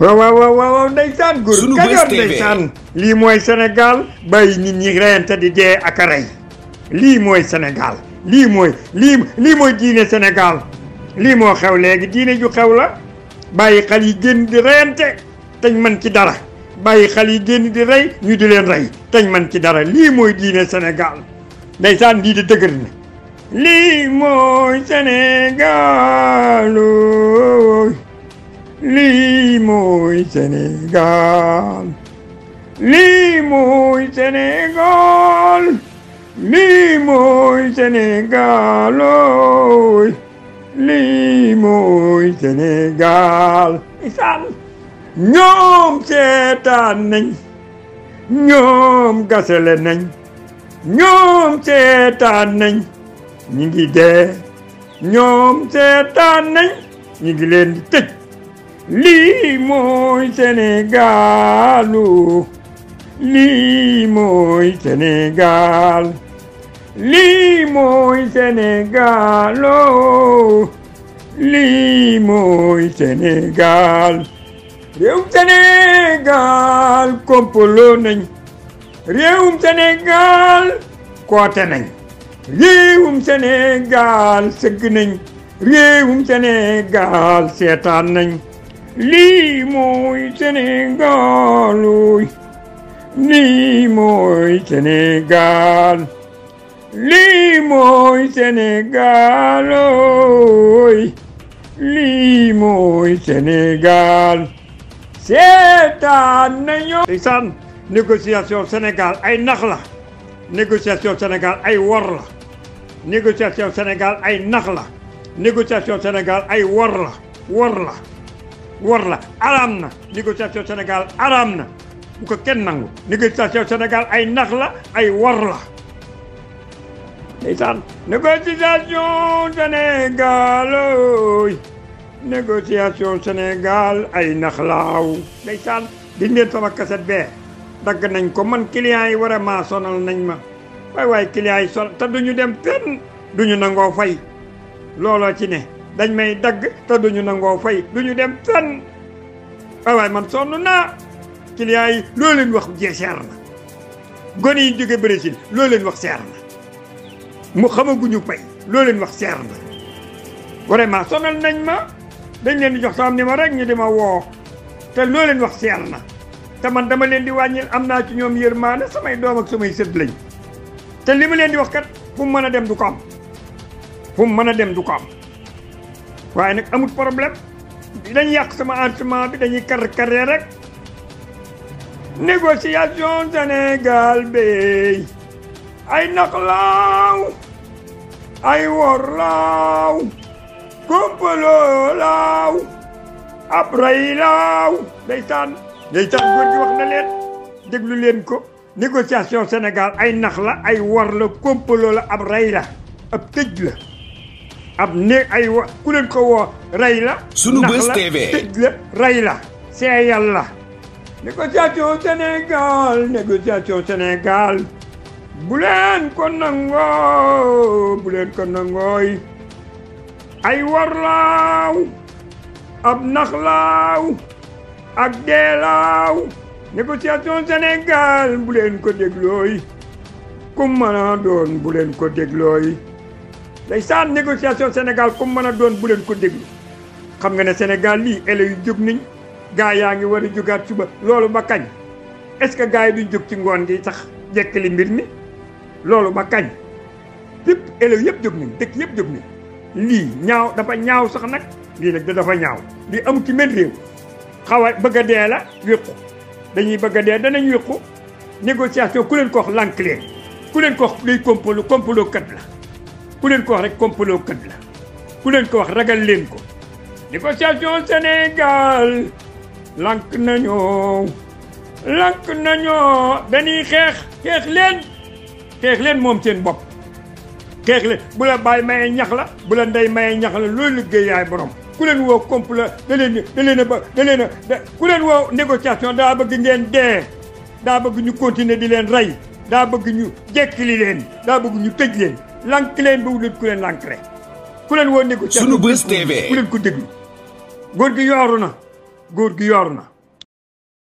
waaw waaw waaw ndeysaan lii mooy senegaal bàyyi nit ñi reyante di dee ak rey lii mooy Sénégal lii mooy lii lii mooy diine senegaal lii mooy xew léegi diine ju xew la bàyyi xal yi génn di tañ mën ci dara bàyyi xal yi génn di rey ñu di leen rey tañ man ci dara lii mooy diine senegaal ndeysaan lii di dëgër na lii mooy Sénégal Sénégal lii mooy Sénégal lii mooy Sénégal ooy lii mooy Sénégal isaan ñoom seetaan gasale nañ ñoom seetaan nañ ngi dee ñoom seetaan nañ ngi leen di lii mooy Sénégalu lii mooy Sénégal lii mooy Sénégalo lii mooy Sénégal réewum Sénégal kompolo nañ réewum Sénégal koote nañ réewum Sénégal sëgg nañ réewum Sénégal seetaan nañ lii mooy Sénégaluy lii mooy Sénégal lii mooy Sénégaluy lii mooy Sénégal seetaan nañu ndeysaan négociation Sénégal ay nax la négociation Sénégal ay wor la négociation Sénégal ay nax la négociation Sénégal ay wor la wor la war la araam na négociation Sénégal araam na bu ko kenn nangu négociation Sénégal ay nax la ay war la ndeysaan négociation Sénégal ooy négociation Sénégal ay nax laaw ndeysaan di ngeen sama kaset bee dagg nañ ko man clients yi vraiment sonal nañ ma waay waay clients yi sonal te duñu dem fenn duñu nangoo fay looloo ci ne dañ may dagg te duñu nangoo fay duñu dem fenn waaye man sonn naa client yi loo leen wax jee seer na gone yi jóge Brésil loo leen wax seer na mu xamaguñu pay loo leen wax seer na vraiment sonal nañ ma dañ leen di jox sama numéro rek ñu di ma woo te looleen leen wax seer na te man dama leen di wàññil am naa ci ñoom yërmaane samay doom ak samay sët lañ te li ma leen di wax kat fu mu mën a dem du ko am fu mën a dem du ko am waaye nag amul problème dañ yàq sama entraînement bi dañuy kar karee rek négociation Sénégal bi ay naxlaaw ay leen ko négociation Sénégal ay nax la ay wor la kompaloo la ab ray la ab tëj la ab néeg ay wa ku leen ko woo rey la. sunu bës TV tëj la rey la. seeyal la. négociation Sénégal négociation Sénégal bu leen ko nangoo nangooy ay warlaaw ab naxlaaw ak deelaaw négociation Sénégal bu leen ko déglooy ku mën a doon bu leen ko déglooy ndeysaan négociation Sénégal comme mën a doon bu leen ko déglu xam nga ne Sénégal lii ele yi jóg nañ gaa yaa ngi war a jógaat suba loolu ba kañ est-ce que gaa yi duñ jóg ci ngoon gi tax jekkali mbir mi loolu ba kañ lépp ele yëpp jóg nañ dëkk yëpp jóg nañ lii ñaaw dafa ñaaw sax nag lii nag dafa ñaaw lii amu ci mel réew xaw a bëgg a dee la wéqu dañuy bëgg a dee danañ wéqu négociation ku leen ko lank leen ku leen ko wax luy komplo ku leen ko wax rek complot kat la ku leen ko wax ragal leen ko négociation Sénégal lank nañoo lank nañoo dañuy xeex xeex leen xeex leen moom seen bopp xeex leen bu la bàyyi mayee ñax la bu la ndey mayee ñax la loolu liggéey yaay borom ku leen woo complot da leen da leen ba da leen a ku leen woo négociation daa bëgg ngeen dee daa bëgg ñu continuer di leen rey daa bëgg ñu jekkili leen daa bëgg ñu tëj leen lank leen ba wut leen ku leen lank rek ku leen woo ne ko. Sunubuzz TV ku leen ko déglu góor gi yooru na góor gi yooru na.